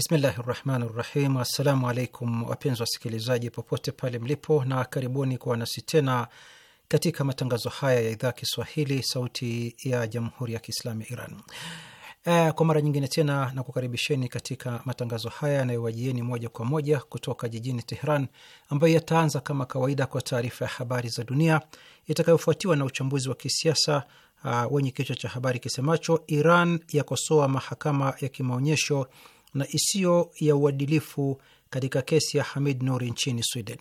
Bismillahi rahmani rahim. Assalamu alaikum wapenzi wasikilizaji popote pale mlipo, na karibuni kuwa nasi tena katika matangazo haya ya idhaa Kiswahili sauti ya jamhuri ya kiislamu ya Iran. E, kwa mara nyingine tena nakukaribisheni katika matangazo haya yanayowajieni moja kwa moja kutoka jijini Tehran, ambayo yataanza kama kawaida kwa taarifa ya habari za dunia itakayofuatiwa na uchambuzi wa kisiasa uh, wenye kichwa cha habari kisemacho Iran yakosoa mahakama ya kimaonyesho na isiyo ya uadilifu katika kesi ya Hamid Nuri nchini Sweden.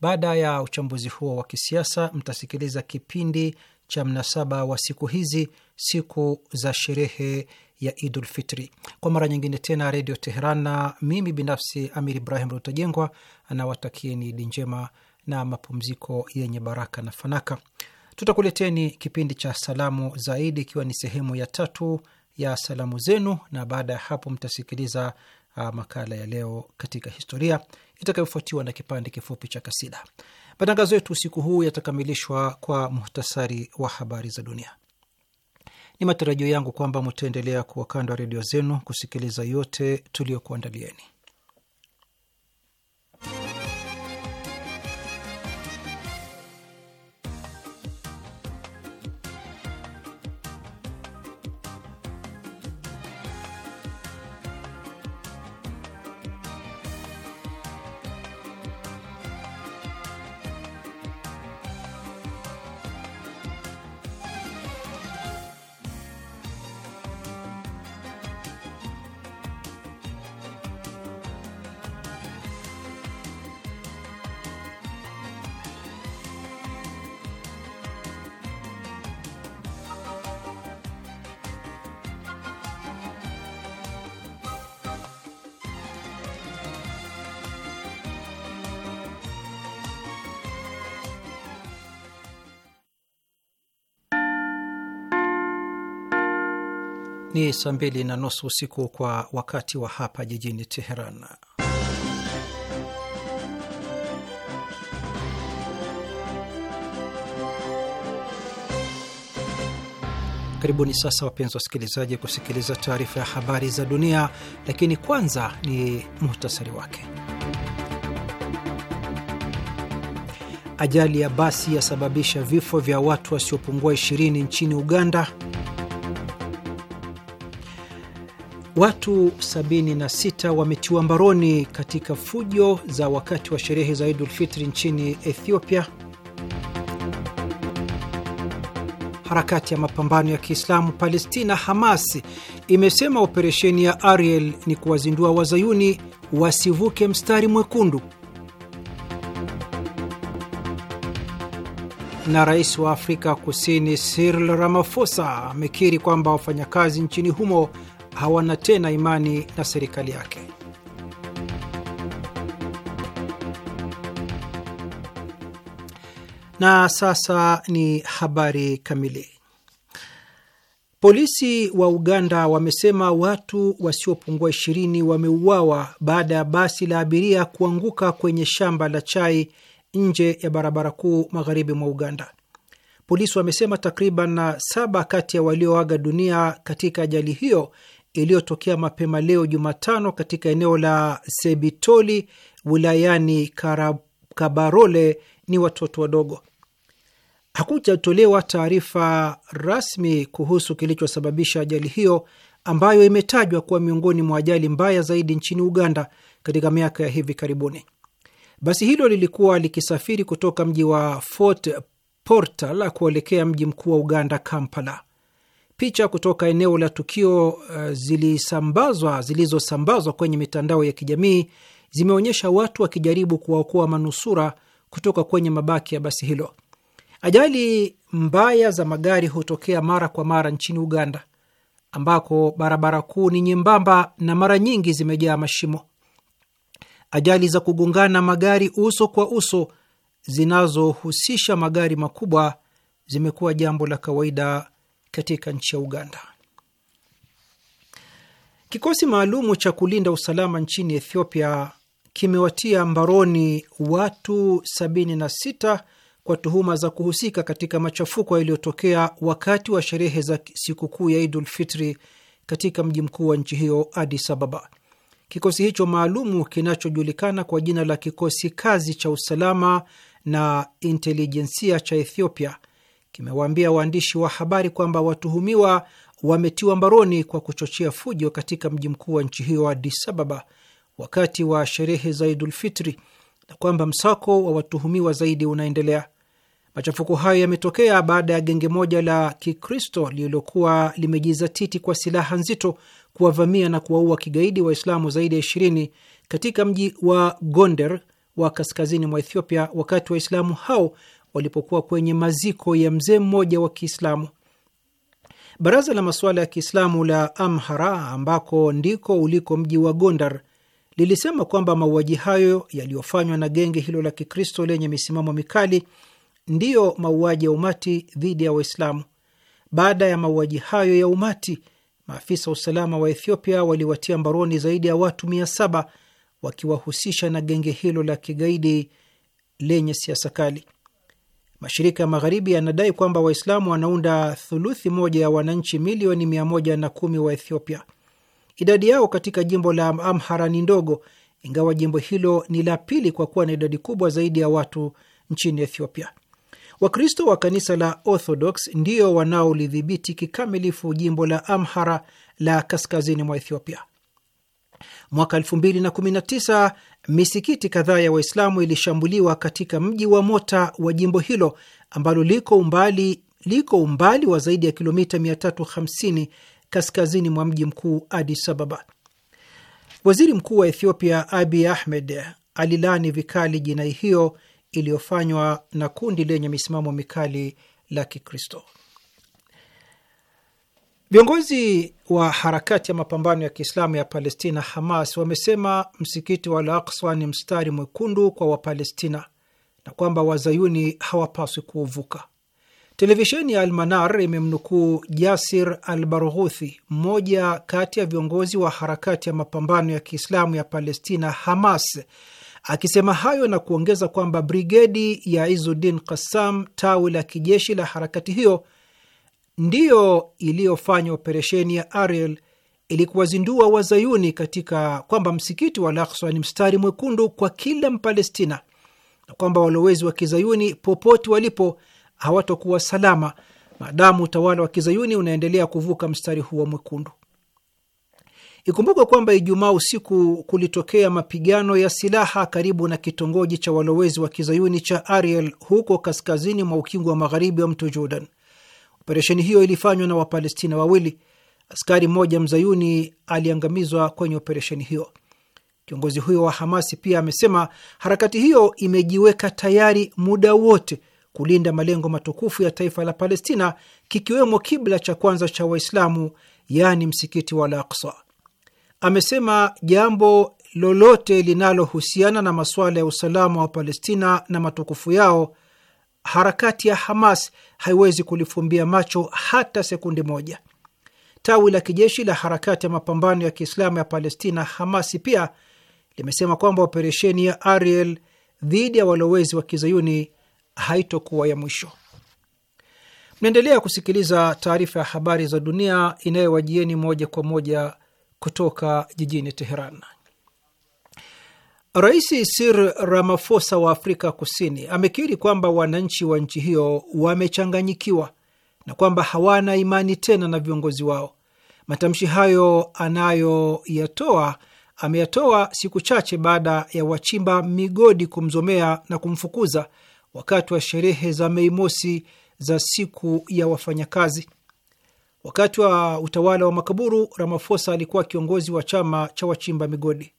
Baada ya uchambuzi huo wa kisiasa, mtasikiliza kipindi cha mnasaba wa siku hizi, siku za sherehe ya Idul Fitri. Kwa mara nyingine tena, Redio Teheran na mimi binafsi Amir Ibrahim Rutajengwa anawatakieni Idi njema na mapumziko yenye baraka na fanaka. Tutakuleteni kipindi cha salamu zaidi, ikiwa ni sehemu ya tatu ya salamu zenu, na baada ya hapo mtasikiliza uh, makala ya leo katika historia itakayofuatiwa na kipande kifupi cha kasida. Matangazo yetu usiku huu yatakamilishwa kwa muhtasari wa habari za dunia. Ni matarajio yangu kwamba mtaendelea kuwa kando ya redio zenu kusikiliza yote tuliyokuandalieni. saa mbili na nusu usiku kwa wakati wa hapa jijini Teheran. Karibuni sasa, wapenzi wasikilizaji, kusikiliza taarifa ya habari za dunia, lakini kwanza ni muhtasari wake. Ajali ya basi yasababisha vifo vya watu wasiopungua 20 nchini Uganda. Watu 76 wametiwa mbaroni katika fujo za wakati wa sherehe za Idul Fitri nchini Ethiopia. Harakati ya mapambano ya Kiislamu Palestina Hamas imesema operesheni ya Ariel ni kuwazindua wazayuni wasivuke mstari mwekundu. Na rais wa Afrika Kusini Cyril Ramaphosa amekiri kwamba wafanyakazi nchini humo hawana tena imani na serikali yake. Na sasa ni habari kamili. Polisi wa Uganda wamesema watu wasiopungua ishirini wameuawa baada ya basi la abiria kuanguka kwenye shamba la chai nje ya barabara kuu magharibi mwa Uganda. Polisi wamesema takriban saba kati ya walioaga dunia katika ajali hiyo iliyotokea mapema leo Jumatano katika eneo la Sebitoli wilayani Kabarole ni watoto wadogo. Hakujatolewa taarifa rasmi kuhusu kilichosababisha ajali hiyo ambayo imetajwa kuwa miongoni mwa ajali mbaya zaidi nchini Uganda katika miaka ya hivi karibuni. Basi hilo lilikuwa likisafiri kutoka mji wa Fort Portal kuelekea mji mkuu wa Uganda, Kampala. Picha kutoka eneo la tukio uh, zilisambazwa zilizosambazwa kwenye mitandao ya kijamii zimeonyesha watu wakijaribu kuwaokoa manusura kutoka kwenye mabaki ya basi hilo. Ajali mbaya za magari hutokea mara kwa mara nchini Uganda, ambako barabara kuu ni nyembamba na mara nyingi zimejaa mashimo. Ajali za kugongana magari uso kwa uso zinazohusisha magari makubwa zimekuwa jambo la kawaida katika nchi ya Uganda. Kikosi maalumu cha kulinda usalama nchini Ethiopia kimewatia mbaroni watu 76 kwa tuhuma za kuhusika katika machafuko yaliyotokea wakati wa sherehe za sikukuu ya Idul Fitri katika mji mkuu wa nchi hiyo Addis Ababa. Kikosi hicho maalumu kinachojulikana kwa jina la Kikosi Kazi cha Usalama na Intelijensia cha Ethiopia kimewaambia waandishi wa habari kwamba watuhumiwa wametiwa mbaroni kwa kuchochea fujo katika mji mkuu wa nchi hiyo Addis Ababa wakati wa sherehe za Idul Fitri na kwamba msako wa watuhumiwa zaidi unaendelea. Machafuko hayo yametokea baada ya genge moja la Kikristo lililokuwa limejizatiti kwa silaha nzito kuwavamia na kuwaua kigaidi Waislamu zaidi ya ishirini katika mji wa Gonder wa kaskazini mwa Ethiopia, wakati Waislamu hao walipokuwa kwenye maziko ya mzee mmoja wa Kiislamu. Baraza la masuala ya Kiislamu la Amhara, ambako ndiko uliko mji wa Gondar, lilisema kwamba mauaji hayo yaliyofanywa na genge hilo la Kikristo lenye misimamo mikali ndiyo mauaji ya umati dhidi ya Waislamu. Baada ya mauaji hayo ya umati, maafisa wa usalama wa Ethiopia waliwatia mbaroni zaidi ya watu mia saba wakiwahusisha na genge hilo la kigaidi lenye siasa kali. Mashirika ya Magharibi yanadai kwamba Waislamu wanaunda thuluthi moja ya wananchi milioni mia moja na kumi wa Ethiopia. Idadi yao katika jimbo la Amhara ni ndogo, ingawa jimbo hilo ni la pili kwa kuwa na idadi kubwa zaidi ya watu nchini Ethiopia. Wakristo wa kanisa la Orthodox ndio wanaolidhibiti kikamilifu jimbo la Amhara la kaskazini mwa Ethiopia. Mwaka 2019 misikiti kadhaa ya Waislamu ilishambuliwa katika mji wa Mota wa jimbo hilo ambalo liko umbali, liko umbali wa zaidi ya kilomita 350 kaskazini mwa mji mkuu Addis Ababa. Waziri mkuu wa Ethiopia Abiy Ahmed alilani vikali jinai hiyo iliyofanywa na kundi lenye misimamo mikali la Kikristo. Viongozi wa harakati ya mapambano ya Kiislamu ya Palestina, Hamas, wamesema msikiti wa Al-Aqsa ni mstari mwekundu kwa Wapalestina na kwamba wazayuni hawapaswi kuuvuka. Televisheni ya Almanar imemnukuu Jasir Al Barghuthi, mmoja kati ya viongozi wa harakati ya mapambano ya Kiislamu ya Palestina, Hamas, akisema hayo na kuongeza kwamba brigedi ya Izuddin Qassam, tawi la kijeshi la harakati hiyo ndiyo iliyofanya operesheni ya Ariel ili kuwazindua wazayuni katika kwamba msikiti wa Al-Aqsa ni mstari mwekundu kwa kila Mpalestina na kwamba walowezi wa kizayuni popote walipo hawatokuwa salama maadamu utawala wa kizayuni unaendelea kuvuka mstari huo mwekundu. Ikumbukwe kwamba Ijumaa usiku kulitokea mapigano ya silaha karibu na kitongoji cha walowezi wa kizayuni cha Ariel huko kaskazini mwa ukingo wa magharibi wa mto Jordan. Operesheni hiyo ilifanywa na Wapalestina wawili. Askari mmoja mzayuni aliangamizwa kwenye operesheni hiyo. Kiongozi huyo wa Hamasi pia amesema harakati hiyo imejiweka tayari muda wote kulinda malengo matukufu ya taifa la Palestina, kikiwemo kibla cha kwanza cha Waislamu, yaani msikiti wa Al-Aqsa. Amesema jambo lolote linalohusiana na masuala ya usalama wa Palestina na matukufu yao harakati ya Hamas haiwezi kulifumbia macho hata sekunde moja. Tawi la kijeshi la harakati ya mapambano ya Kiislamu ya Palestina, Hamasi, pia limesema kwamba operesheni ya Ariel dhidi ya walowezi wa kizayuni haitokuwa ya mwisho. Mnaendelea kusikiliza taarifa ya habari za dunia inayowajieni moja kwa moja kutoka jijini Teheran. Rais sir ramafosa wa Afrika Kusini amekiri kwamba wananchi wa nchi hiyo wamechanganyikiwa na kwamba hawana imani tena na viongozi wao. Matamshi hayo anayoyatoa ameyatoa siku chache baada ya wachimba migodi kumzomea na kumfukuza wakati wa sherehe za Mei Mosi za siku ya wafanyakazi. Wakati wa utawala wa makaburu, ramafosa alikuwa kiongozi wa chama cha wachimba migodi.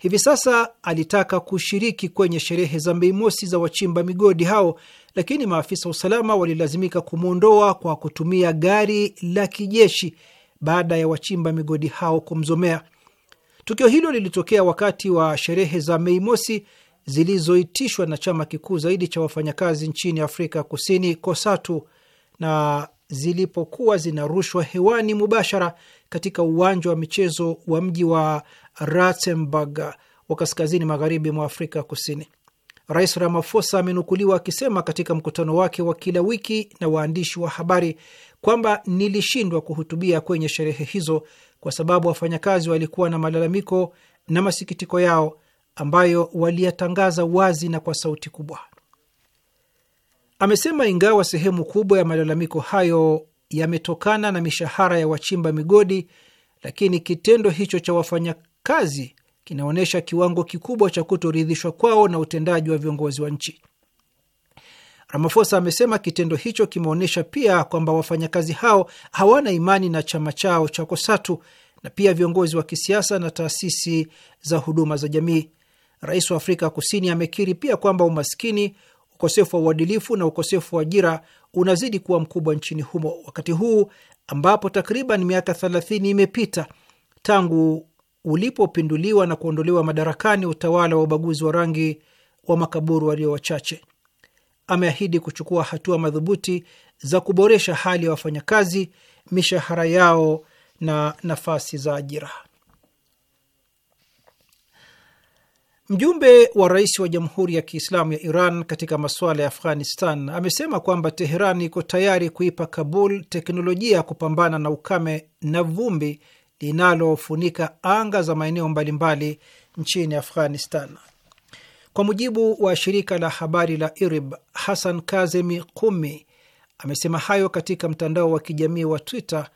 Hivi sasa alitaka kushiriki kwenye sherehe za Mei Mosi za wachimba migodi hao, lakini maafisa wa usalama walilazimika kumwondoa kwa kutumia gari la kijeshi baada ya wachimba migodi hao kumzomea. Tukio hilo lilitokea wakati wa sherehe za Mei Mosi zilizoitishwa na chama kikuu zaidi cha wafanyakazi nchini Afrika Kusini, KOSATU, na zilipokuwa zinarushwa hewani mubashara katika uwanja wa michezo wa mji wa Ratzenburg wa kaskazini magharibi mwa Afrika Kusini. Rais Ramaphosa amenukuliwa akisema katika mkutano wake wa kila wiki na waandishi wa habari kwamba nilishindwa kuhutubia kwenye sherehe hizo kwa sababu wafanyakazi walikuwa na malalamiko na masikitiko yao ambayo waliyatangaza wazi na kwa sauti kubwa. Amesema ingawa sehemu kubwa ya malalamiko hayo yametokana na mishahara ya wachimba migodi, lakini kitendo hicho cha wafanyakazi kinaonyesha kiwango kikubwa cha kutoridhishwa kwao na utendaji wa viongozi wa nchi. ramafosa amesema kitendo hicho kimeonyesha pia kwamba wafanyakazi hao hawana imani na chama chao cha KOSATU na pia viongozi wa kisiasa na taasisi za huduma za jamii. Rais wa Afrika Kusini amekiri pia kwamba umaskini ukosefu wa uadilifu na ukosefu wa ajira unazidi kuwa mkubwa nchini humo wakati huu ambapo takriban miaka 30 imepita tangu ulipopinduliwa na kuondolewa madarakani utawala wa ubaguzi wa rangi wa makaburu walio wachache. Ameahidi kuchukua hatua madhubuti za kuboresha hali ya wafanyakazi, mishahara yao na nafasi za ajira. Mjumbe wa rais wa Jamhuri ya Kiislamu ya Iran katika masuala ya Afghanistan amesema kwamba Teheran iko tayari kuipa Kabul teknolojia ya kupambana na ukame na vumbi linalofunika anga za maeneo mbalimbali nchini Afghanistan. Kwa mujibu wa shirika la habari la IRIB, Hassan Kazemi Kumi amesema hayo katika mtandao wa kijamii wa Twitter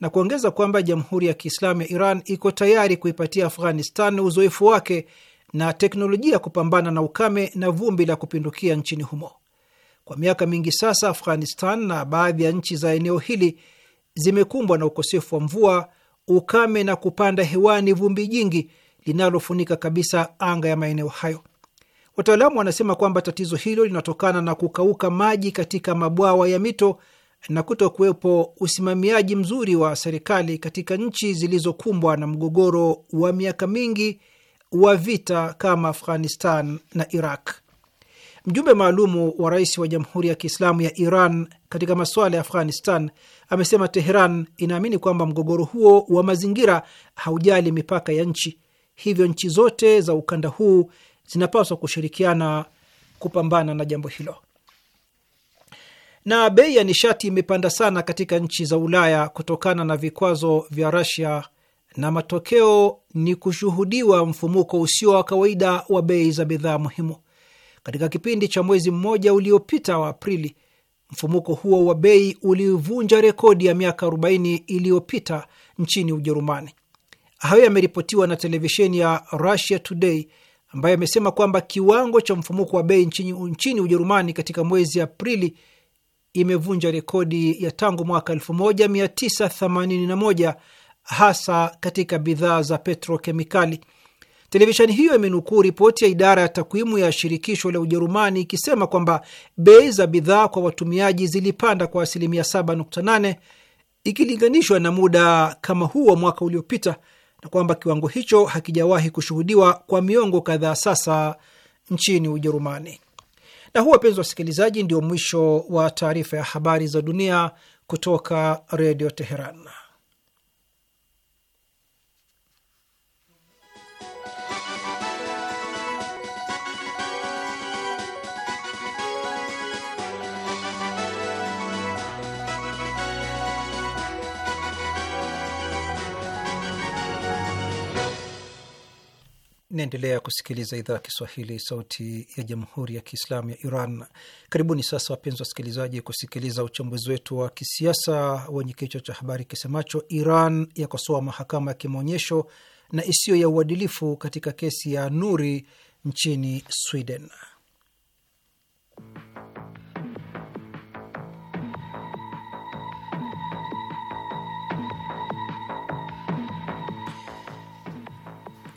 na kuongeza kwamba Jamhuri ya Kiislamu ya Iran iko tayari kuipatia Afghanistan uzoefu wake na teknolojia kupambana na ukame na vumbi la kupindukia nchini humo. Kwa miaka mingi sasa, Afghanistan na baadhi ya nchi za eneo hili zimekumbwa na ukosefu wa mvua, ukame na kupanda hewani vumbi jingi linalofunika kabisa anga ya maeneo hayo. Wataalamu wanasema kwamba tatizo hilo linatokana na kukauka maji katika mabwawa ya mito na kuto kuwepo usimamiaji mzuri wa serikali katika nchi zilizokumbwa na mgogoro wa miaka mingi wa vita kama Afghanistan na Iraq. Mjumbe maalumu wa rais wa Jamhuri ya Kiislamu ya Iran katika masuala ya Afghanistan amesema Teheran inaamini kwamba mgogoro huo wa mazingira haujali mipaka ya nchi, hivyo nchi zote za ukanda huu zinapaswa kushirikiana kupambana na jambo hilo. Na bei ya nishati imepanda sana katika nchi za Ulaya kutokana na vikwazo vya Russia na matokeo ni kushuhudiwa mfumuko usio wa kawaida wa bei za bidhaa muhimu. Katika kipindi cha mwezi mmoja uliopita wa Aprili, mfumuko huo wa bei ulivunja rekodi ya miaka 40 iliyopita nchini Ujerumani. Hayo yameripotiwa na televisheni ya Russia Today ambayo amesema kwamba kiwango cha mfumuko wa bei nchini, nchini Ujerumani katika mwezi Aprili imevunja rekodi ya tangu mwaka 1981 hasa katika bidhaa za petrokemikali. Televisheni hiyo imenukuu ripoti ya idara ya takwimu ya shirikisho la Ujerumani ikisema kwamba bei za bidhaa kwa watumiaji zilipanda kwa asilimia 7.8 ikilinganishwa na muda kama huo mwaka uliopita na kwamba kiwango hicho hakijawahi kushuhudiwa kwa miongo kadhaa sasa nchini Ujerumani. Na huu, wapenzi wa wasikilizaji, ndio mwisho wa taarifa ya habari za dunia kutoka Redio Teheran. Naendelea kusikiliza idhaa ya Kiswahili, sauti ya jamhuri ya kiislamu ya Iran. Karibuni sasa, wapenzi wasikilizaji, kusikiliza uchambuzi wetu wa kisiasa wenye kichwa cha habari kisemacho Iran yakosoa mahakama ya kimaonyesho na isiyo ya uadilifu katika kesi ya Nuri nchini Sweden.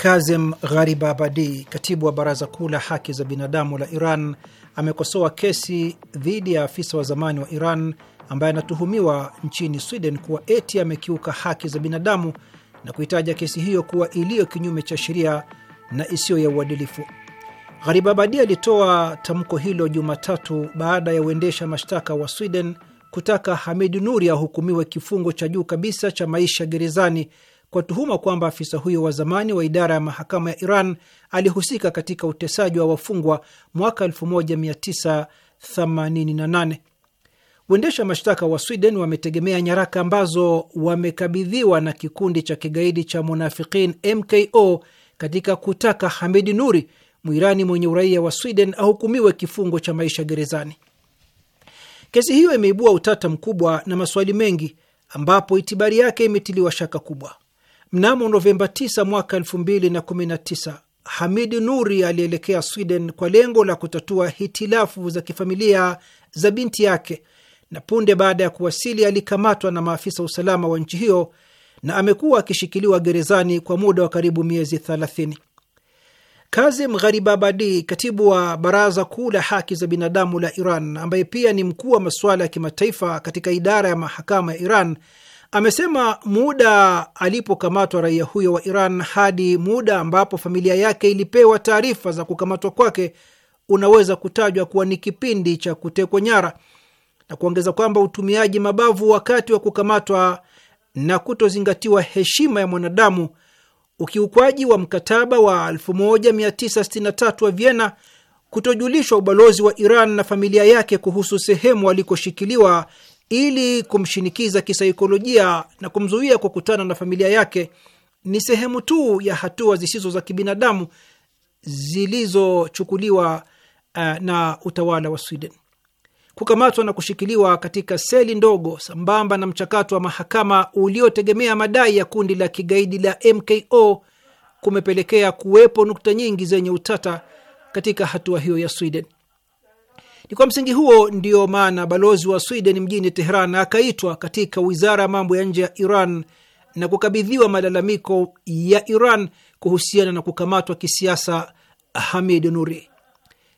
Kazem Gharibabadi, katibu wa baraza kuu la haki za binadamu la Iran, amekosoa kesi dhidi ya afisa wa zamani wa Iran ambaye anatuhumiwa nchini Sweden kuwa eti amekiuka haki za binadamu na kuitaja kesi hiyo kuwa iliyo kinyume cha sheria na isiyo ya uadilifu. Gharibabadi alitoa tamko hilo Jumatatu baada ya uendesha mashtaka wa Sweden kutaka Hamid Nuri ahukumiwe kifungo cha juu kabisa cha maisha gerezani kwa tuhuma kwamba afisa huyo wa zamani wa idara ya mahakama ya Iran alihusika katika utesaji wa wafungwa mwaka 1988. Waendesha mashtaka wa Sweden wametegemea nyaraka ambazo wamekabidhiwa na kikundi cha kigaidi cha Munafikin mko katika kutaka Hamidi Nuri, Mwirani mwenye uraia wa Sweden, ahukumiwe kifungo cha maisha gerezani. Kesi hiyo imeibua utata mkubwa na maswali mengi, ambapo itibari yake imetiliwa shaka kubwa. Mnamo Novemba 9 mwaka 2019 Hamidi Nuri alielekea Sweden kwa lengo la kutatua hitilafu za kifamilia za binti yake, na punde baada ya kuwasili alikamatwa na maafisa usalama wa nchi hiyo na amekuwa akishikiliwa gerezani kwa muda wa karibu miezi 30. Kazim Gharibabadi, katibu wa Baraza Kuu la Haki za Binadamu la Iran, ambaye pia ni mkuu wa masuala ya kimataifa katika idara ya mahakama ya Iran, Amesema muda alipokamatwa raia huyo wa Iran hadi muda ambapo familia yake ilipewa taarifa za kukamatwa kwake unaweza kutajwa kuwa ni kipindi cha kutekwa nyara, na kuongeza kwamba utumiaji mabavu wakati wa kukamatwa na kutozingatiwa heshima ya mwanadamu, ukiukwaji wa mkataba wa 1963 wa Vienna, kutojulishwa ubalozi wa Iran na familia yake kuhusu sehemu alikoshikiliwa ili kumshinikiza kisaikolojia na kumzuia kukutana na familia yake ni sehemu tu ya hatua zisizo za kibinadamu zilizochukuliwa uh, na utawala wa Sweden. Kukamatwa na kushikiliwa katika seli ndogo sambamba na mchakato wa mahakama uliotegemea madai ya kundi la kigaidi la MKO kumepelekea kuwepo nukta nyingi zenye utata katika hatua hiyo ya Sweden. Ni kwa msingi huo ndiyo maana balozi wa Sweden mjini Tehran akaitwa katika wizara ya mambo ya nje ya Iran na kukabidhiwa malalamiko ya Iran kuhusiana na kukamatwa kisiasa Hamid Nuri.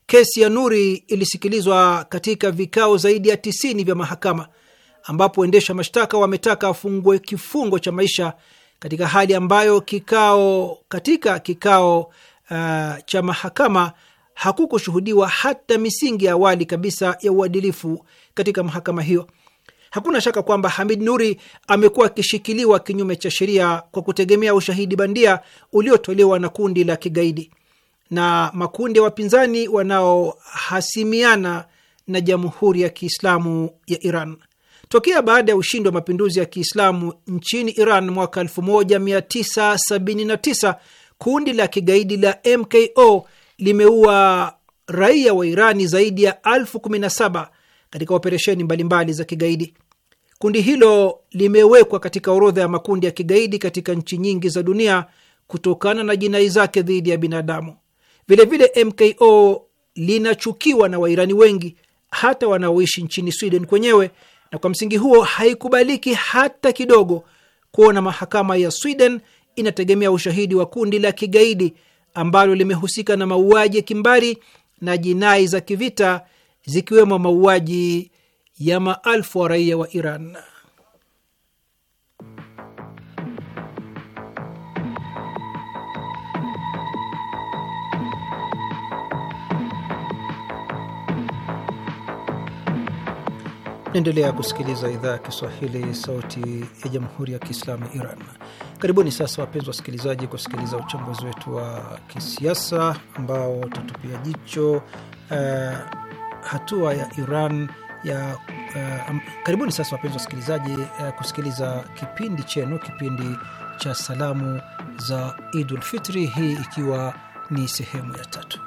Kesi ya Nuri ilisikilizwa katika vikao zaidi ya tisini vya mahakama ambapo waendesha mashtaka wametaka afungwe kifungo cha maisha katika hali ambayo kikao katika kikao uh, cha mahakama hakukushuhudiwa hata misingi ya awali kabisa ya uadilifu katika mahakama hiyo. Hakuna shaka kwamba Hamid Nuri amekuwa akishikiliwa kinyume cha sheria kwa kutegemea ushahidi bandia uliotolewa na kundi la kigaidi na makundi ya wapinzani wanaohasimiana na Jamhuri ya Kiislamu ya Iran tokea baada ya ushindi wa mapinduzi ya Kiislamu nchini Iran mwaka 1979. Kundi la kigaidi la MKO limeua raia wa Irani zaidi ya elfu kumi na saba katika operesheni mbalimbali za kigaidi. Kundi hilo limewekwa katika orodha ya makundi ya kigaidi katika nchi nyingi za dunia kutokana na jinai zake dhidi ya binadamu. Vilevile vile MKO linachukiwa na Wairani wengi, hata wanaoishi nchini Sweden kwenyewe, na kwa msingi huo haikubaliki hata kidogo kuona mahakama ya Sweden inategemea ushahidi wa kundi la kigaidi ambalo limehusika na mauaji ya kimbari na jinai za kivita zikiwemo mauaji ya maelfu wa raia wa Iran. Naendelea kusikiliza idhaa ya Kiswahili, sauti ya jamhuri ya kiislamu Iran. Karibuni sasa, wapenzi wasikilizaji, kusikiliza uchambuzi wetu wa kisiasa ambao utatupia jicho uh, hatua ya Iran ya uh, karibuni sasa, wapenzi wasikilizaji, uh, kusikiliza kipindi chenu, kipindi cha salamu za Idul Fitri, hii ikiwa ni sehemu ya tatu.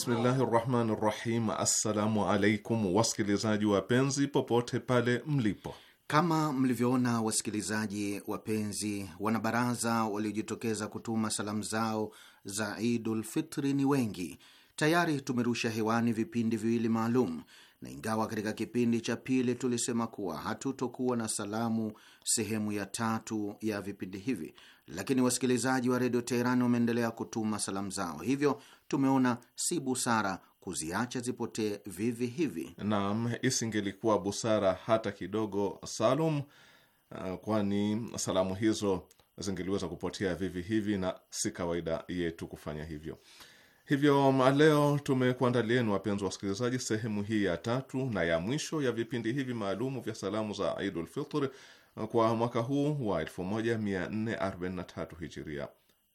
Bismillahi rahmani rahim. Assalamu alaikum wasikilizaji wapenzi popote pale mlipo. Kama mlivyoona wasikilizaji wapenzi, wanabaraza waliojitokeza kutuma salamu zao za Idul Fitri ni wengi. Tayari tumerusha hewani vipindi viwili maalum, na ingawa katika kipindi cha pili tulisema kuwa hatutokuwa na salamu sehemu ya tatu ya vipindi hivi, lakini wasikilizaji wa redio Teherani wameendelea kutuma salamu zao, hivyo tumeona si busara kuziacha zipotee vivi hivi. Naam, isingelikuwa busara hata kidogo, Salum, uh, kwani salamu hizo zingeliweza kupotea vivi hivi, na si kawaida yetu kufanya hivyo. Hivyo um, leo tumekuandalieni, wapenzi wa wasikilizaji, sehemu hii ya tatu na ya mwisho ya vipindi hivi maalumu vya salamu za Idul kwa mwaka huu wa 1443 hijiria.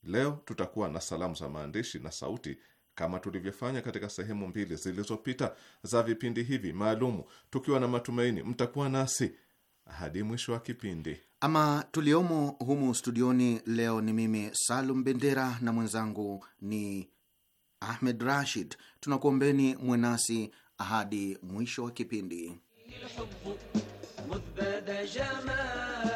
Leo tutakuwa na salamu za maandishi na sauti kama tulivyofanya katika sehemu mbili zilizopita za vipindi hivi maalumu, tukiwa na matumaini mtakuwa nasi hadi mwisho wa kipindi. Ama tuliomo humu studioni leo ni mimi Salum Bendera na mwenzangu ni Ahmed Rashid. Tunakuombeni mwenasi hadi mwisho wa kipindi. مذ جمال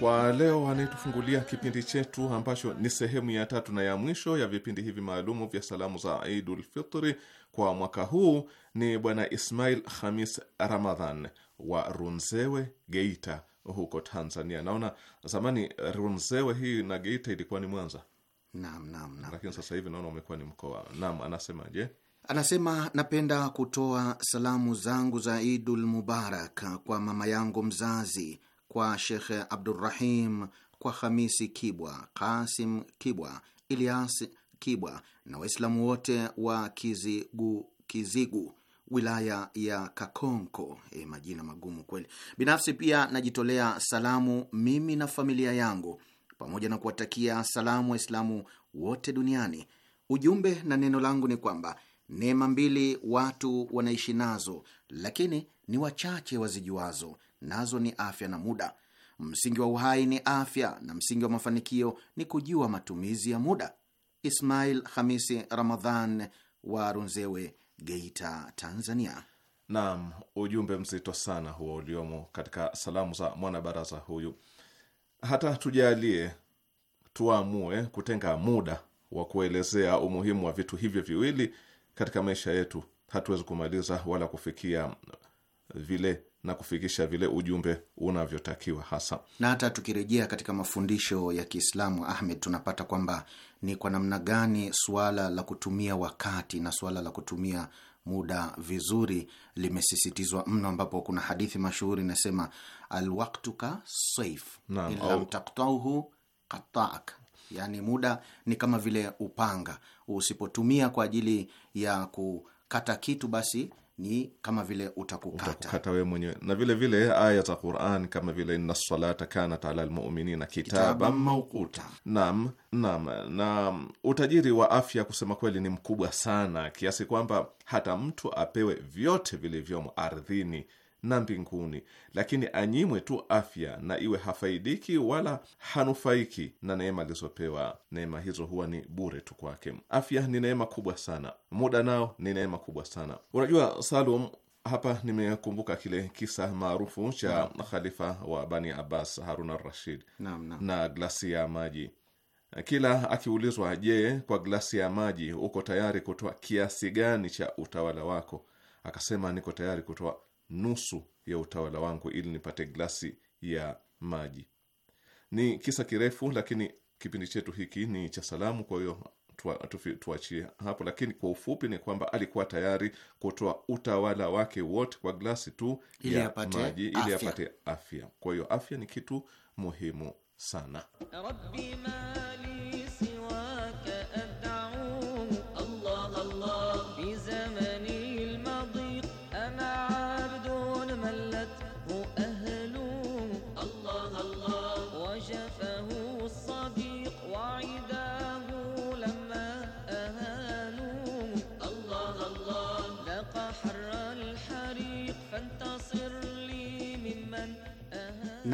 kwa leo anayetufungulia kipindi chetu ambacho ni sehemu ya tatu na ya mwisho ya vipindi hivi maalumu vya salamu za Idul Fitri kwa mwaka huu ni Bwana Ismail Khamis Ramadhan wa Runzewe, Geita huko Tanzania. Naona zamani Runzewe hii na Geita ilikuwa ni Mwanza. Naam, naam, naam. Lakini sasa hivi naona umekuwa ni mkoa. Naam, je? Anasema, napenda kutoa salamu zangu za Idul Mubarak kwa mama yangu mzazi kwa Shekhe Abdurrahim, kwa Hamisi Kibwa, Kasim Kibwa, Ilias Kibwa na Waislamu wote wa Kizigu, Kizigu, wilaya ya Kakonko. E, majina magumu kweli. Binafsi pia najitolea salamu mimi na familia yangu pamoja na kuwatakia salamu Waislamu wote duniani. Ujumbe na neno langu ni kwamba neema mbili watu wanaishi nazo, lakini ni wachache wazijuazo nazo ni afya na muda. Msingi wa uhai ni afya na msingi wa mafanikio ni kujua matumizi ya muda. Ismail Hamisi Ramadhan wa Runzewe, Geita, Tanzania. Naam, ujumbe mzito sana huo uliomo katika salamu za mwanabaraza huyu. Hata tujalie tuamue kutenga muda wa kuelezea umuhimu wa vitu hivyo viwili katika maisha yetu, hatuwezi kumaliza wala kufikia vile na kufikisha vile ujumbe unavyotakiwa hasa. Na hata tukirejea katika mafundisho ya Kiislamu, Ahmed, tunapata kwamba ni kwa namna gani suala la kutumia wakati na suala la kutumia muda vizuri limesisitizwa mno, ambapo kuna hadithi mashuhuri inasema, alwaktuka saif in taktauhu yani muda ni kama vile upanga, usipotumia kwa ajili ya kukata kitu basi ni kama vile utakukata, utakukata wewe mwenyewe. Na vile vile aya za Qur'an kama vile inna salata kanat ala almu'minina kitaba mawquta. Naam, naam. Na utajiri wa afya kusema kweli ni mkubwa sana kiasi kwamba hata mtu apewe vyote vilivyomo ardhini na mbinguni, lakini anyimwe tu afya na iwe hafaidiki wala hanufaiki na neema alizopewa. Neema hizo huwa ni bure tu kwake. Afya ni neema kubwa sana, muda nao ni neema kubwa sana. Unajua Salum, hapa nimekumbuka kile kisa maarufu cha khalifa wa Bani Abbas, Harun al na, na, na glasi ya maji kila akiulizwa, je, kwa glasi ya maji uko tayari kutoa kiasi gani cha utawala wako? Akasema, niko tayari kutoa nusu ya utawala wangu ili nipate glasi ya maji. Ni kisa kirefu, lakini kipindi chetu hiki ni cha salamu, kwa hiyo tuachie hapo. Lakini kwa ufupi ni kwamba alikuwa tayari kutoa utawala wake wote kwa glasi tu ili ya apate maji ili apate afya. Kwa hiyo afya ni kitu muhimu sana Rabbi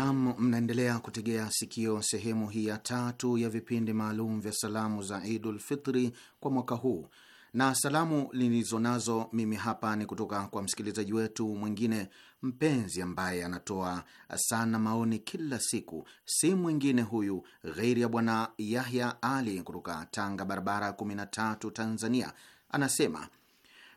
Naam, mnaendelea kutegea sikio sehemu hii ya tatu ya vipindi maalum vya salamu za Idul Fitri kwa mwaka huu, na salamu nilizo nazo mimi hapa ni kutoka kwa msikilizaji wetu mwingine mpenzi ambaye anatoa sana maoni kila siku, si mwingine huyu ghairi ya Bwana Yahya Ali kutoka Tanga, barabara tatu Tanzania. Anasema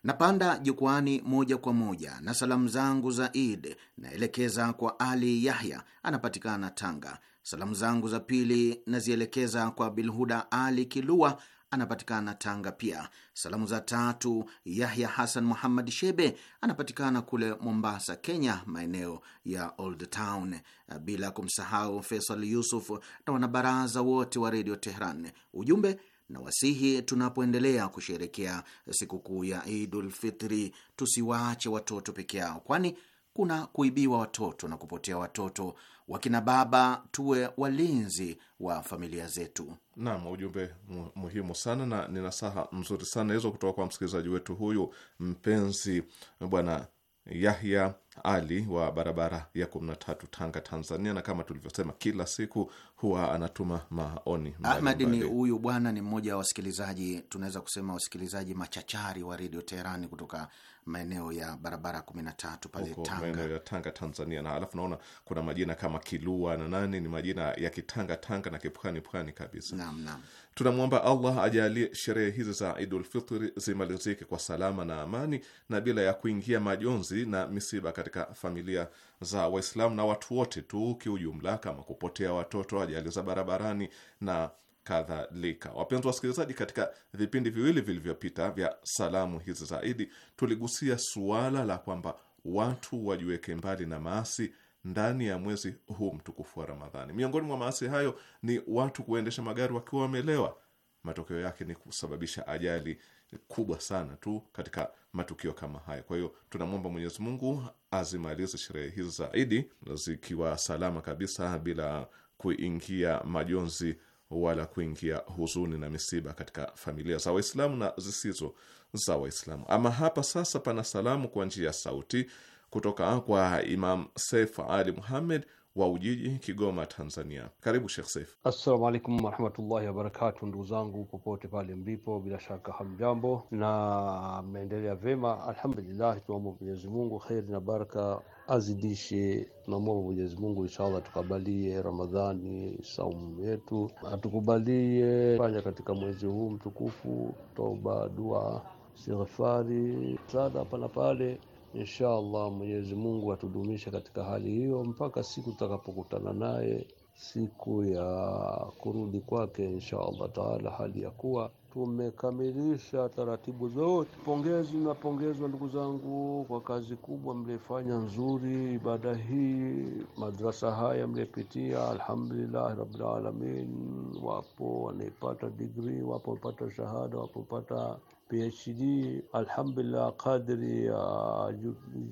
Napanda jukwani moja kwa moja na salamu zangu za Id naelekeza kwa Ali Yahya, anapatikana Tanga. Salamu zangu za pili nazielekeza kwa Bilhuda Ali Kilua, anapatikana Tanga pia. Salamu za tatu Yahya Hasan Muhammad Shebe, anapatikana kule Mombasa, Kenya, maeneo ya Old Town, bila kumsahau Faisal Yusuf na wanabaraza wote wa Redio Tehran. Ujumbe na wasihi tunapoendelea kusherekea sikukuu ya Idul Fitri tusiwaache watoto peke yao, kwani kuna kuibiwa watoto na kupotea watoto. Wakina baba tuwe walinzi wa familia zetu. Naam, ujumbe mu muhimu sana na ni nasaha mzuri sana hizo kutoka kwa msikilizaji wetu huyu mpenzi, Bwana Yahya ali wa barabara ya tatu Tanga, Tanzania, na kama tulivyosema, kila siku huwa anatuma maoni. Ahmad ni huyu bwana, ni mmoja wa wasikilizaji, tunaweza kusema wasikilizaji machachari wa redio Teherani kutoka maeneo ya barabara 13 pale Tanga, maeneo ya Tanga, Tanzania. Na alafu naona kuna majina kama Kilua na nani, ni majina ya kitanga tanga na kipwani pwani kabisa. Naam, naam. Tunamwomba Allah ajalie sherehe hizi za Idul Fitri zimalizike kwa salama na amani na bila ya kuingia majonzi na misiba katika familia za Waislamu na watu wote tu kiujumla, kama kupotea watoto, ajali za barabarani na kadhalika. Wapenzi wasikilizaji, katika vipindi viwili vilivyopita vya salamu hizi zaidi, tuligusia suala la kwamba watu wajiweke mbali na maasi ndani ya mwezi huu mtukufu wa Ramadhani. Miongoni mwa maasi hayo ni watu kuendesha magari wakiwa wamelewa. Matokeo yake ni kusababisha ajali kubwa sana tu katika matukio kama haya. Kwa hiyo tunamwomba Mwenyezi Mungu azimalize sherehe hizi za Idi zikiwa salama kabisa bila kuingia majonzi wala kuingia huzuni na misiba katika familia za Waislamu na zisizo za Waislamu. Ama hapa sasa pana salamu kwa njia ya sauti kutoka kwa Imam Saif Ali Muhammad wa Ujiji, Kigoma, Tanzania. Karibu Sheikh Saif. Assalamu alaikum warahmatullahi wabarakatu, ndugu zangu popote pale mlipo, bila shaka hamjambo na mnaendelea vyema. Alhamdulillah, tunaomba Mwenyezi Mungu kheri na baraka azidishe. Tunamwomba Mwenyezi Mungu inshallah tukabalie Ramadhani saumu yetu, atukubalie fanya katika mwezi huu mtukufu toba, dua, istighfari, msaada hapa na pale Insha Allah Mwenyezi Mungu atudumishe katika hali hiyo mpaka siku tutakapokutana naye siku ya kurudi kwake, insha Allah taala, hali ya kuwa tumekamilisha taratibu zote. Pongezi napongezwa ndugu zangu kwa kazi kubwa mlifanya nzuri, ibada hii, madrasa haya mlipitia. Alhamdulillah rabbil alamin. Wapo wanaipata digrii, wapo wapata shahada, wapo wapata PhD alhamdulillah, kadri ya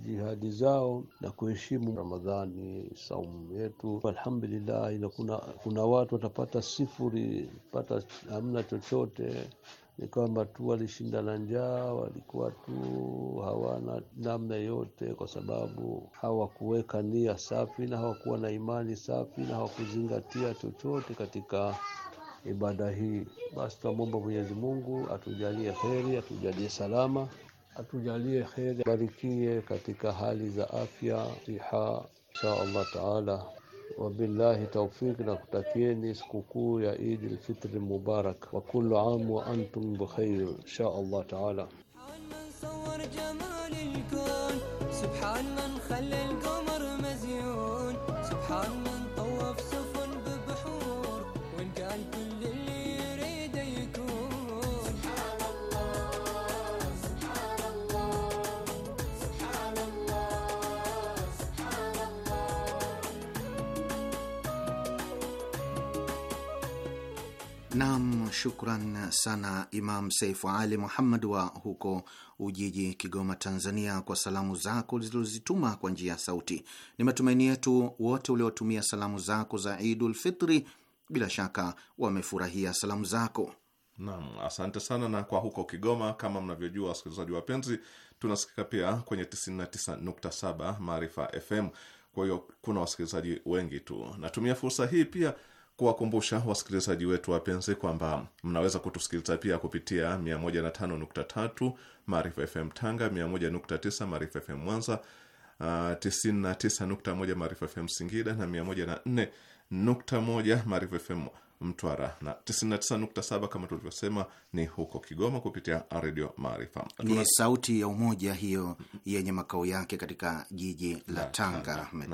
jihadi zao na kuheshimu Ramadhani saumu yetu, alhamdulillah. Ina kuna, kuna watu watapata sifuri, pata hamna chochote, ni kwamba tu na njaa, walikuwa tu hawana namna yote, kwa sababu hawakuweka nia safi na hawakuwa na imani safi na hawakuzingatia chochote katika ibada hii. Basi twamwomba Mwenyezi Mungu atujalie kheri, atujalie salama, atujalie kheri, barikie katika hali za afya, siha, insha Allah taala. Wabillahi tawfiq, na kutakieni sikukuu ya Eid al-Fitr mubarak, wa kullu aam wa antum bikhair, insha Allah taala. Nam, shukran sana Imam Saifu Ali Muhammad wa huko Ujiji, Kigoma, Tanzania, kwa salamu zako ulizozituma kwa njia ya sauti. Ni matumaini yetu wote uliotumia salamu zako za Idul Fitri bila shaka wamefurahia salamu zako. Nam, asante sana. Na kwa huko Kigoma, kama mnavyojua, wasikilizaji wapenzi, tunasikika pia kwenye 99.7 Maarifa FM. Kwa hiyo kuna wasikilizaji wengi tu. Natumia fursa hii pia kuwakumbusha wasikilizaji wetu wapenzi kwamba mnaweza kutusikiliza pia kupitia 105.3 Maarifa FM Tanga, 101.9 Maarifa FM Mwanza, 99.1 uh, Maarifa FM Singida na 104.1 Maarifa FM Mtwara na 99.7 kama tulivyosema ni huko Kigoma kupitia redio Maarifa. Ni sauti ya umoja hiyo yenye makao yake katika jiji la, Tanga, Ahmed.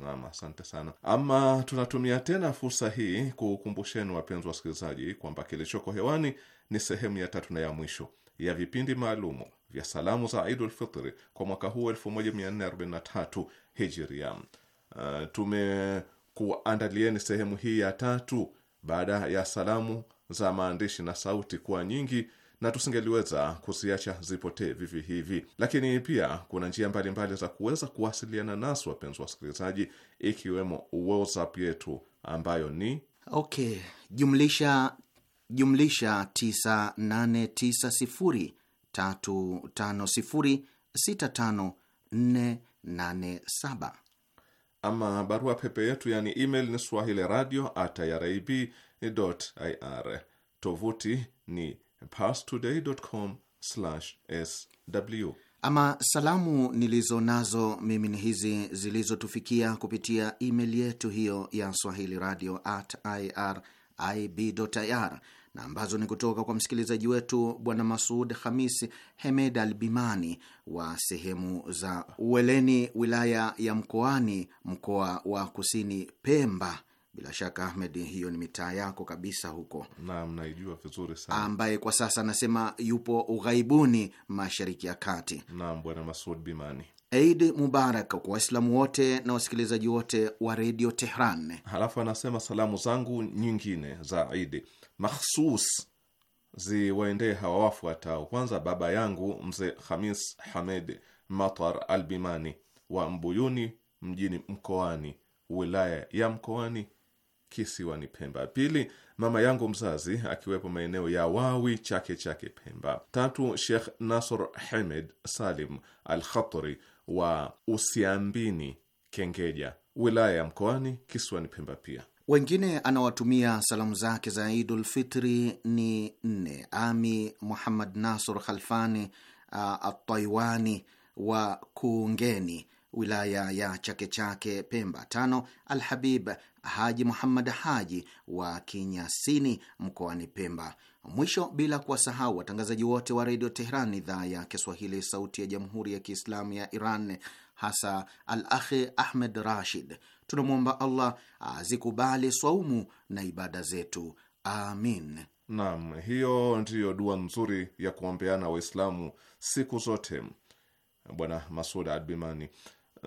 Naam, asante sana. Ama tunatumia tena fursa hii kuukumbusheni wapenzi wasikilizaji kwamba kilichoko hewani ni sehemu ya tatu na ya mwisho ya vipindi maalumu vya salamu za Idul Fitri kwa mwaka huu 1443 Hijiria. Uh, tumekuandalieni sehemu hii ya tatu baada ya salamu za maandishi na sauti kuwa nyingi na tusingeliweza kuziacha zipotee vivi hivi. Lakini pia kuna njia mbalimbali za kuweza kuwasiliana nasi, wapenzi wasikilizaji, ikiwemo WhatsApp yetu ambayo ni okay, jumlisha jumlisha 989035065487 ama barua pepe yetu yani email ni swahili radio at irib ir. Tovuti ni parstoday.com/sw. Ama salamu nilizo nazo mimi ni hizi zilizotufikia kupitia email yetu hiyo ya swahili radio at irib.ir na ambazo ni kutoka kwa msikilizaji wetu Bwana Masud Hamis Hemed Albimani wa sehemu za uweleni wilaya ya Mkoani, mkoa wa Kusini Pemba, bila shaka Ahmed, hiyo ni mitaa yako kabisa huko. Naam, naijua vizuri sana, ambaye kwa sasa anasema yupo ughaibuni mashariki ya kati. Naam, bwana Masud Bimani. Eid Mubarak kwa Waislamu wote na wasikilizaji wote wa redio Tehran. Halafu anasema salamu zangu nyingine za Idi makhsus ziwaendee hawa wafuatao. Kwanza baba yangu mzee Khamis Hamed Matar Albimani wa Mbuyuni mjini Mkoani wilaya ya Mkoani kisiwani Pemba. Pili, mama yangu mzazi akiwepo maeneo ya Wawi, Chake Chake, Pemba. Tatu, Shekh Nasr Hamed Salim Al Khatri wa Usiambini, Kengeja, wilaya ya Mkoani, kisiwani Pemba. Pia wengine anawatumia salamu zake za Idul Fitri ni nne: Ami Muhammad Nasr Khalfani uh, Ataiwani wa Kuungeni wilaya ya Chake Chake, Pemba tano, Alhabib Haji Muhammad Haji wa Kinyasini mkoani Pemba. Mwisho, bila kuwasahau watangazaji wote wa Redio Tehran, idhaa ya Kiswahili, sauti ya Jamhuri ya Kiislamu ya Iran, hasa Al Akhi Ahmed Rashid. Tunamwomba Allah azikubali swaumu na ibada zetu, amin. Naam, hiyo ndiyo dua nzuri ya kuombeana Waislamu siku zote, Bwana Masud Adbimani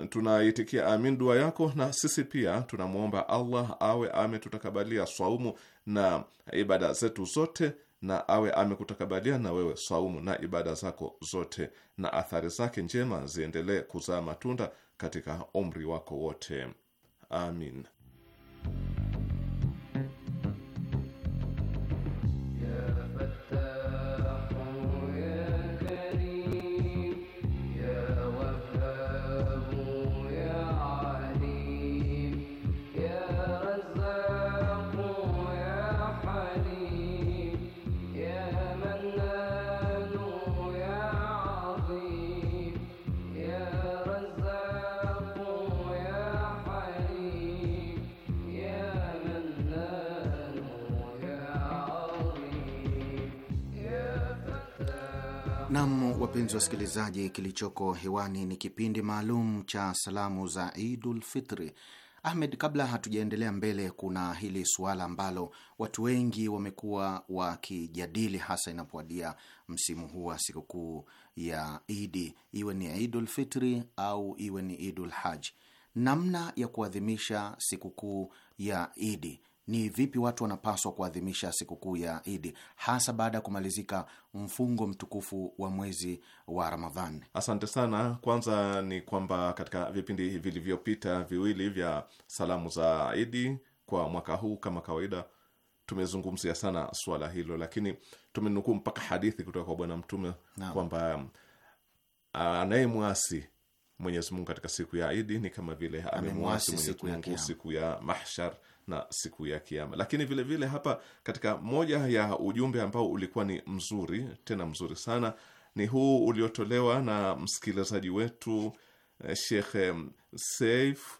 tunaitikia amin dua yako, na sisi pia tunamwomba Allah awe ametutakabalia swaumu na ibada zetu zote, na awe amekutakabalia na wewe swaumu na ibada zako zote, na athari zake njema ziendelee kuzaa matunda katika umri wako wote, amin. wapenzi wasikilizaji, kilichoko hewani ni kipindi maalum cha salamu za Idul Fitri. Ahmed, kabla hatujaendelea mbele, kuna hili suala ambalo watu wengi wamekuwa wakijadili, hasa inapoadia msimu huu wa sikukuu ya Idi, iwe ni Idul Fitri au iwe ni Idul Haj, namna ya kuadhimisha sikukuu ya Idi ni vipi watu wanapaswa kuadhimisha sikukuu ya Idi hasa baada ya kumalizika mfungo mtukufu wa mwezi wa Ramadhan? Asante sana. Kwanza ni kwamba katika vipindi vilivyopita viwili vya salamu za Idi kwa mwaka huu, kama kawaida, tumezungumzia sana suala hilo, lakini tumenukuu mpaka hadithi kutoka kwa Bwana Mtume kwamba ah, anayemwasi Mwenyezi Mungu katika siku ya Idi ni kama vile amemwasi Mwenyezi Mungu siku ya mahshar na siku ya Kiama. Lakini vile vile hapa katika moja ya ujumbe ambao ulikuwa ni mzuri tena mzuri sana ni huu uliotolewa na msikilizaji wetu eh, Shekhe eh, Saif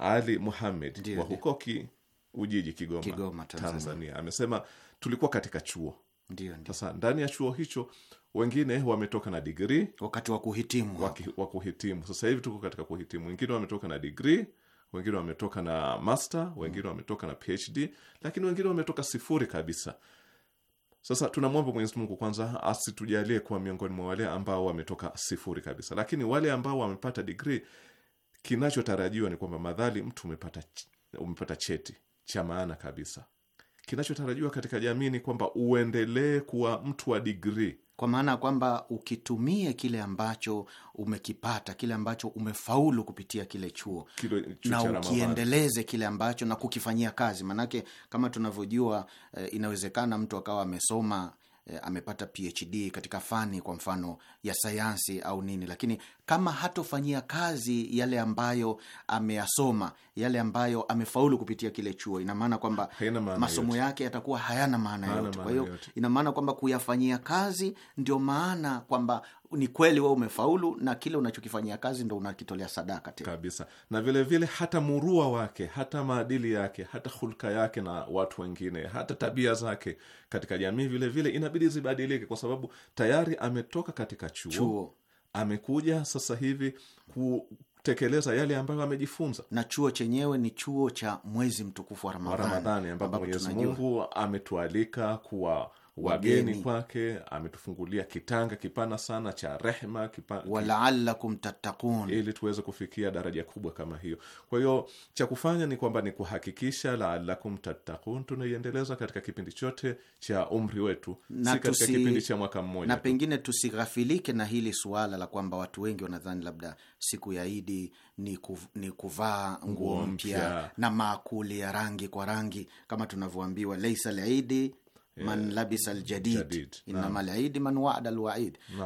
Ali Muhamed wa Hukoki Ujiji, Kigoma, Kigoma Tanzania. Tanzania amesema tulikuwa katika chuo. Ndiyo, ndiyo. Sasa ndani ya chuo hicho wengine wametoka na digrii wakati wa kuhitimu, wa kuhitimu. Sasa hivi tuko katika kuhitimu, wengine wametoka na digrii, wengine wametoka na master, wengine mm. wametoka na PhD, lakini wengine wametoka sifuri kabisa. Sasa tunamwomba Mwenyezi Mungu kwanza asitujalie kuwa miongoni mwa wale ambao wametoka sifuri kabisa, lakini wale ambao wamepata digrii, kinachotarajiwa ni kwamba madhali mtu umepata, umepata cheti cha maana kabisa, kinachotarajiwa katika jamii ni kwamba uendelee kuwa mtu wa digrii kwa maana ya kwamba ukitumie kile ambacho umekipata, kile ambacho umefaulu kupitia kile chuo Kilo, na ukiendeleze kile ambacho na kukifanyia kazi, maanake kama tunavyojua, eh, inawezekana mtu akawa amesoma Eh, amepata PhD katika fani kwa mfano ya sayansi au nini, lakini kama hatofanyia kazi yale ambayo ameyasoma, yale ambayo amefaulu kupitia kile chuo, ina maana kwamba masomo yote yake yatakuwa hayana maana yote. Kwa hiyo ina maana kwamba kuyafanyia kazi, ndio maana kwamba ni kweli wewe umefaulu na kile unachokifanyia kazi ndo unakitolea sadaka tena kabisa. Na vilevile vile, hata murua wake hata maadili yake hata hulka yake na watu wengine hata tabia zake katika jamii vilevile inabidi zibadilike, kwa sababu tayari ametoka katika chuo, chuo. Amekuja sasa hivi kutekeleza yale ambayo amejifunza, na chuo chenyewe ni chuo cha mwezi mtukufu wa Ramadhani, Ramadhani ambapo Mwenyezi Mungu ametualika kuwa wageni kwake, ametufungulia kitanga kipana sana cha rehma walaalakum tattaqun, ili tuweze kufikia daraja kubwa kama hiyo. Kwa hiyo cha kufanya ni kwamba ni kuhakikisha laalakum tattaqun tunaiendeleza katika kipindi chote cha umri wetu, na si katika kipindi cha mwaka mmoja. Na pengine tusighafilike na hili suala la kwamba watu wengi wanadhani labda siku ya Idi ni, kuv, ni kuvaa nguo mpya na maakuli ya rangi kwa rangi kama tunavyoambiwa, leisa lidi man eh, labisa man wada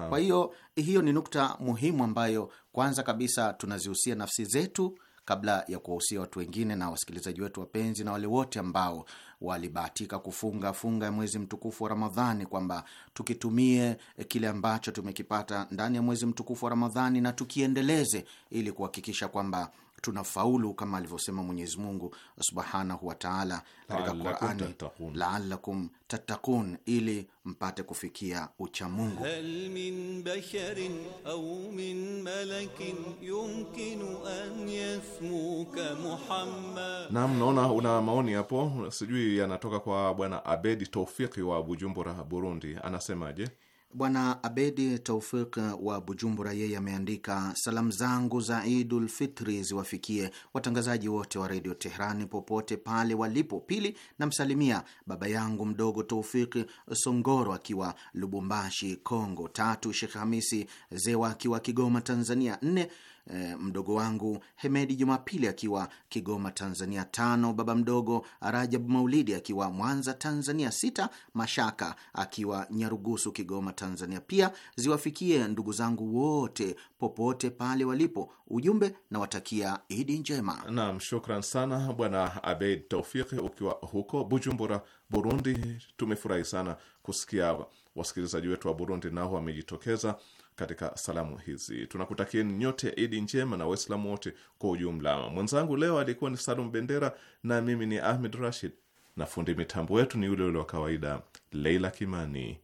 Kwa hiyo hiyo ni nukta muhimu ambayo kwanza kabisa tunazihusia nafsi zetu kabla ya kuwahusia watu wengine na wasikilizaji wetu wapenzi na wale wote ambao walibahatika kufunga funga ya mwezi mtukufu wa Ramadhani, kwamba tukitumie eh, kile ambacho tumekipata ndani ya mwezi mtukufu wa Ramadhani na tukiendeleze ili kuhakikisha kwamba tunafaulu kama alivyosema Mwenyezi Mungu subhanahu wa taala katika Qurani, laalakum tattaqun, ili mpate kufikia ucha Mungu. hal min basharin au min malakin yumkinu an yasmuka Muhammad. Naam, naona una maoni hapo, sijui yanatoka kwa bwana Abedi Taufiki wa Bujumbura, Burundi. Anasemaje? Bwana Abedi Taufik wa Bujumbura, yeye ameandika salamu zangu za Idul Fitri ziwafikie watangazaji wote wa redio Teherani popote pale walipo. Pili, namsalimia baba yangu mdogo Taufik Songoro akiwa Lubumbashi, Kongo. Tatu, Shekh Hamisi Zewa akiwa Kigoma, Tanzania. Nne, Eh, mdogo wangu Hemedi Jumapili akiwa Kigoma Tanzania tano, baba mdogo Rajab Maulidi akiwa Mwanza Tanzania sita, Mashaka akiwa Nyarugusu Kigoma Tanzania pia. Ziwafikie ndugu zangu wote popote pale walipo. Ujumbe na watakia Idi njema. Naam, shukran sana bwana Abeid Taufik ukiwa huko Bujumbura Burundi. Tumefurahi sana kusikia wasikilizaji wetu wa Burundi nao wamejitokeza katika salamu hizi. Tunakutakieni nyote Idi njema na Waislamu wote kwa ujumla. Mwenzangu leo alikuwa ni Salum Bendera na mimi ni Ahmed Rashid, na fundi mitambo wetu ni yule yule wa kawaida Leila Kimani.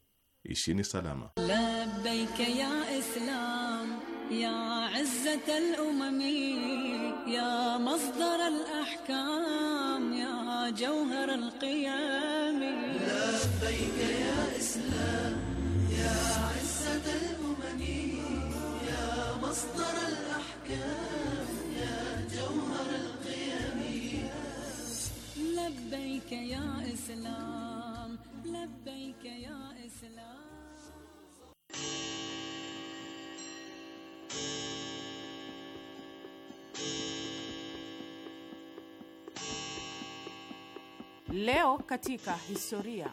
Ishini salama. Labbaik ya Islam, ya izzat al ya masdar al-ahkam, ya jawhar al-qiyam. Labbaik ya Islam رحمة الأمم يا مصدر الأحكام يا جوهر القيم لبيك يا إسلام لبيك يا إسلام Leo katika historia.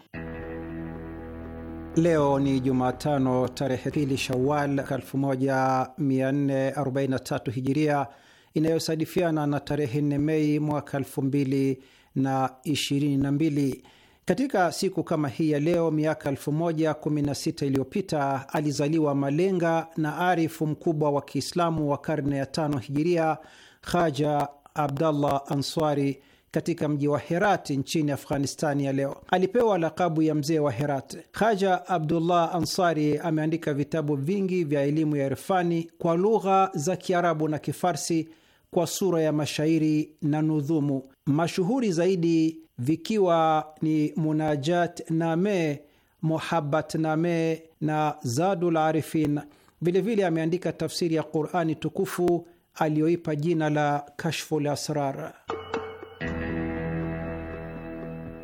Leo ni Jumatano tarehe pili Shawal 1443 Hijiria inayosadifiana na tarehe 4 Mei mwaka 2022. Katika siku kama hii ya leo miaka 1016 iliyopita alizaliwa malenga na arifu mkubwa wa Kiislamu wa karne ya tano Hijiria, Haja Abdallah Answari katika mji wa Herati nchini Afghanistani ya leo. Alipewa lakabu ya mzee wa Herat. Haja Abdullah Ansari ameandika vitabu vingi vya elimu ya irfani kwa lugha za Kiarabu na Kifarsi kwa sura ya mashairi na nudhumu, mashuhuri zaidi vikiwa ni Munajat Name, Muhabat Name na Zadul Arifin. Vilevile ameandika tafsiri ya Qurani tukufu aliyoipa jina la Kashful Asrar.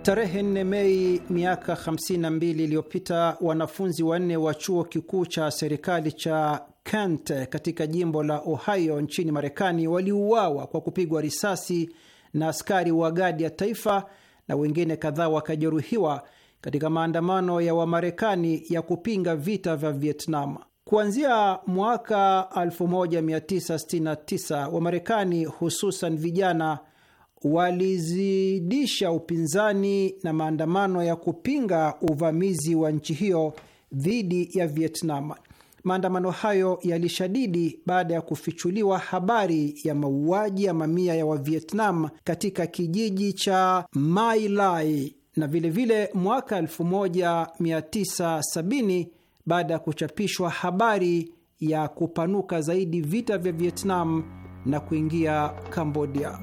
Tarehe 4 Mei miaka 52 iliyopita wanafunzi wanne wa chuo kikuu cha serikali cha Kent katika jimbo la Ohio nchini Marekani waliuawa kwa kupigwa risasi na askari wa gadi ya taifa na wengine kadhaa wakajeruhiwa katika maandamano ya Wamarekani ya kupinga vita vya Vietnam. Kuanzia mwaka 1969 Wamarekani hususan vijana walizidisha upinzani na maandamano ya kupinga uvamizi wa nchi hiyo dhidi ya Vietnam. Maandamano hayo yalishadidi baada ya kufichuliwa habari ya mauaji ya mamia ya Wavietnam katika kijiji cha Mai Lai na vilevile vile mwaka 1970 baada ya kuchapishwa habari ya kupanuka zaidi vita vya Vietnam na kuingia Kambodia.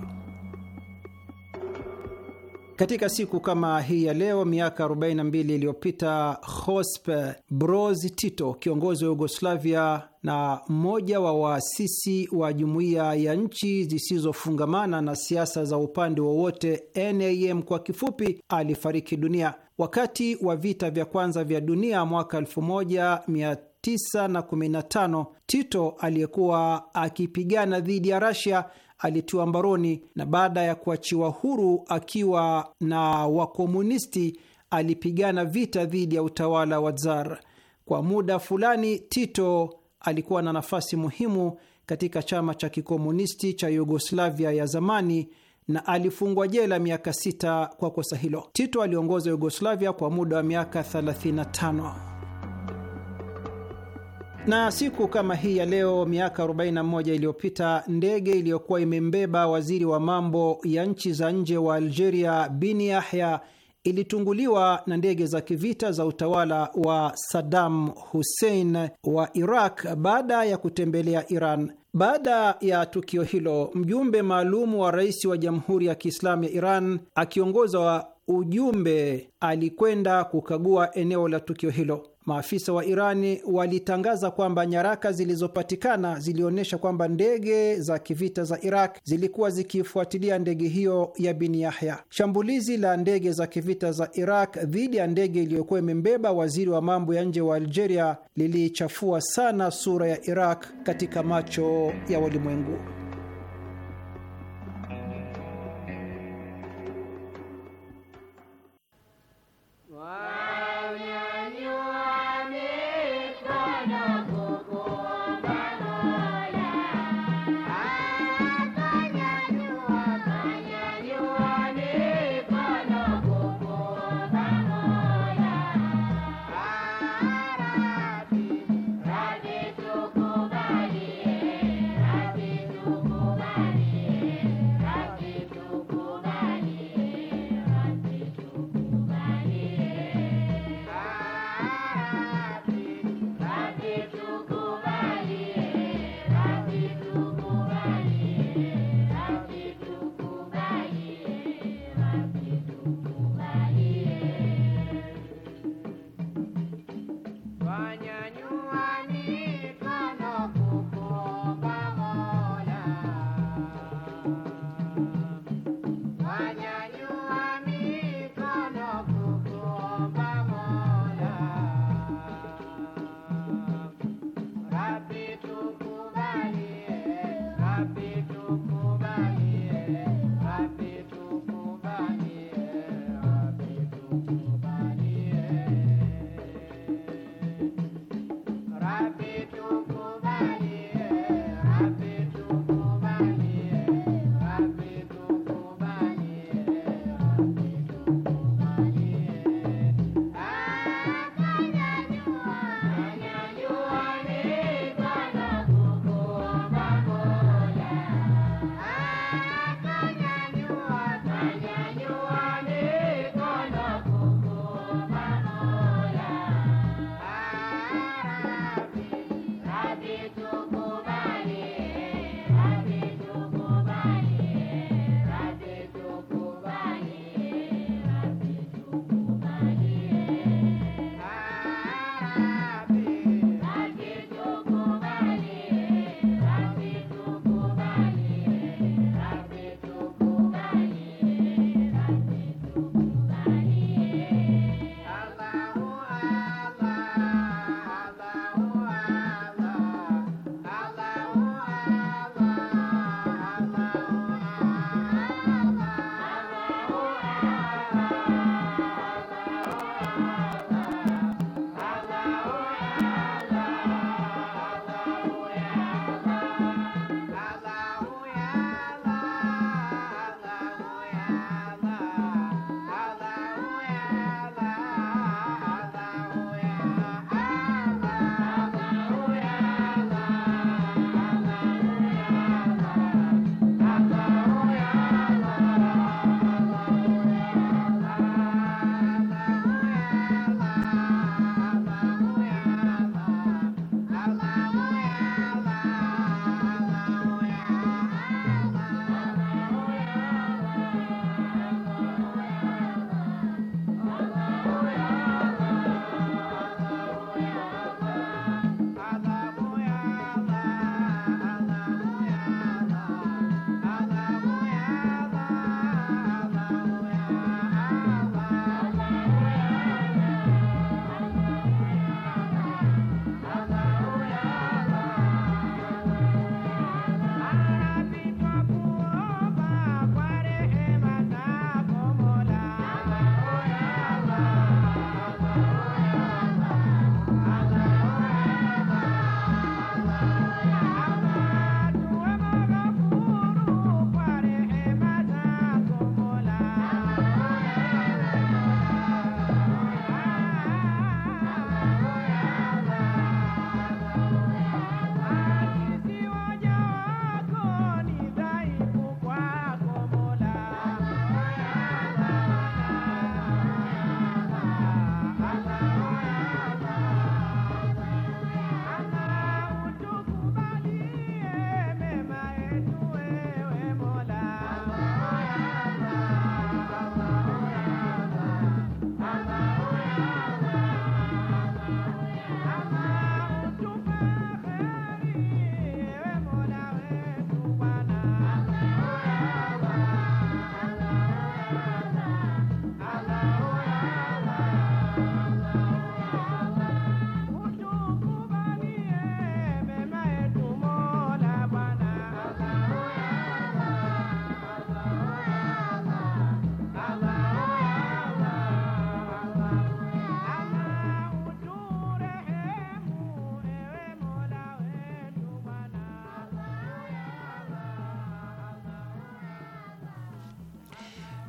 Katika siku kama hii ya leo miaka 42 iliyopita Josip Broz Tito, kiongozi wa Yugoslavia na mmoja wa waasisi wa jumuiya ya nchi zisizofungamana na siasa za upande wowote NAM kwa kifupi, alifariki dunia wakati wa vita vya kwanza vya dunia mwaka 1915. Tito aliyekuwa akipigana dhidi ya Rasia alitiwa mbaroni na baada ya kuachiwa huru akiwa na wakomunisti alipigana vita dhidi ya utawala wa Tsar. Kwa muda fulani, Tito alikuwa na nafasi muhimu katika chama cha kikomunisti cha Yugoslavia ya zamani na alifungwa jela miaka sita kwa kosa hilo. Tito aliongoza Yugoslavia kwa muda wa miaka 35. Na siku kama hii ya leo miaka 41 iliyopita ndege iliyokuwa imembeba waziri wa mambo ya nchi za nje wa Algeria bini Yahya ilitunguliwa na ndege za kivita za utawala wa Saddam Hussein wa Iraq baada ya kutembelea Iran. Baada ya tukio hilo, mjumbe maalum wa rais wa Jamhuri ya Kiislamu ya Iran akiongoza ujumbe alikwenda kukagua eneo la tukio hilo. Maafisa wa Irani walitangaza kwamba nyaraka zilizopatikana zilionyesha kwamba ndege za kivita za Iraq zilikuwa zikifuatilia ndege hiyo ya Bin Yahya. Shambulizi la ndege za kivita za Iraq dhidi ya ndege iliyokuwa imembeba waziri wa mambo ya nje wa Algeria liliichafua sana sura ya Iraq katika macho ya walimwengu.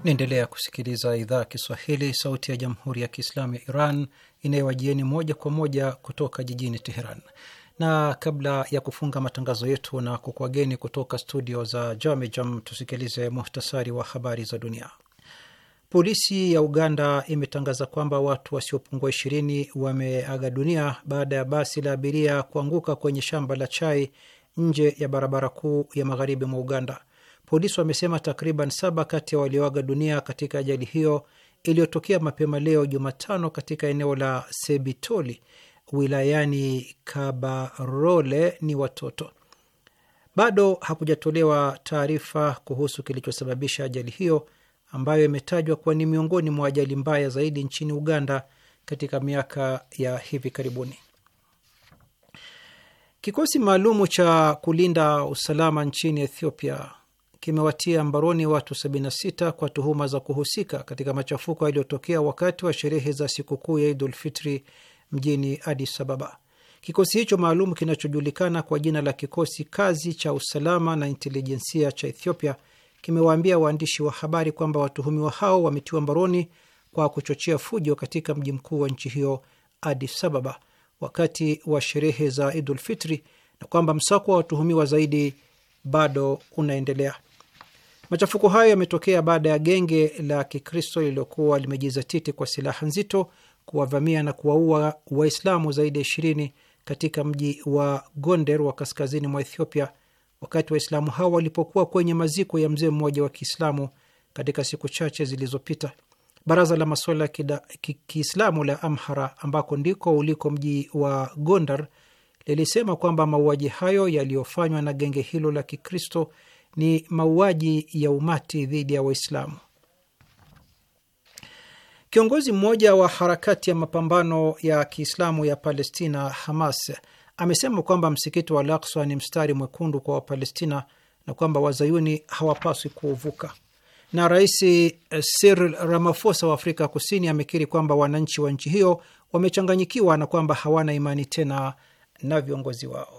Naendelea kusikiliza idhaa Kiswahili sauti ya jamhuri ya kiislamu ya Iran inayowajieni moja kwa moja kutoka jijini Teheran. Na kabla ya kufunga matangazo yetu na kukwageni kutoka studio za Jamejam, tusikilize muhtasari wa habari za dunia. Polisi ya Uganda imetangaza kwamba watu wasiopungua ishirini wameaga dunia baada ya basi la abiria kuanguka kwenye shamba la chai nje ya barabara kuu ya magharibi mwa Uganda. Polisi wamesema takriban saba kati ya walioaga dunia katika ajali hiyo iliyotokea mapema leo Jumatano katika eneo la Sebitoli wilayani Kabarole ni watoto. Bado hakujatolewa taarifa kuhusu kilichosababisha ajali hiyo ambayo imetajwa kuwa ni miongoni mwa ajali mbaya zaidi nchini Uganda katika miaka ya hivi karibuni. Kikosi maalumu cha kulinda usalama nchini Ethiopia kimewatia mbaroni watu 76 kwa tuhuma za kuhusika katika machafuko yaliyotokea wakati wa sherehe za sikukuu ya idulfitri mjini Adis Ababa. Kikosi hicho maalum kinachojulikana kwa jina la Kikosi Kazi cha Usalama na Intelijensia cha Ethiopia kimewaambia waandishi wa habari kwamba watuhumiwa hao wametiwa mbaroni kwa kuchochea fujo katika mji mkuu wa nchi hiyo Adis Ababa wakati wa sherehe za idulfitri na kwamba msako wa watuhumiwa zaidi bado unaendelea. Machafuko hayo yametokea baada ya genge la Kikristo lililokuwa limejizatiti kwa silaha nzito kuwavamia na kuwaua Waislamu zaidi ya ishirini katika mji wa Gonder wa kaskazini mwa Ethiopia, wakati Waislamu hao walipokuwa kwenye maziko ya mzee mmoja wa Kiislamu katika siku chache zilizopita. Baraza la masuala ya Kiislamu la Amhara, ambako ndiko uliko mji wa Gondar, lilisema kwamba mauaji hayo yaliyofanywa na genge hilo la Kikristo ni mauaji ya umati dhidi ya Waislamu. Kiongozi mmoja wa harakati ya mapambano ya Kiislamu ya Palestina, Hamas, amesema kwamba msikiti wa Al-Aqsa ni mstari mwekundu kwa Wapalestina na kwamba wazayuni hawapaswi kuuvuka. Na Rais eh, Cyril Ramaphosa wa Afrika Kusini amekiri kwamba wananchi wa nchi hiyo wamechanganyikiwa na kwamba hawana imani tena na viongozi wao.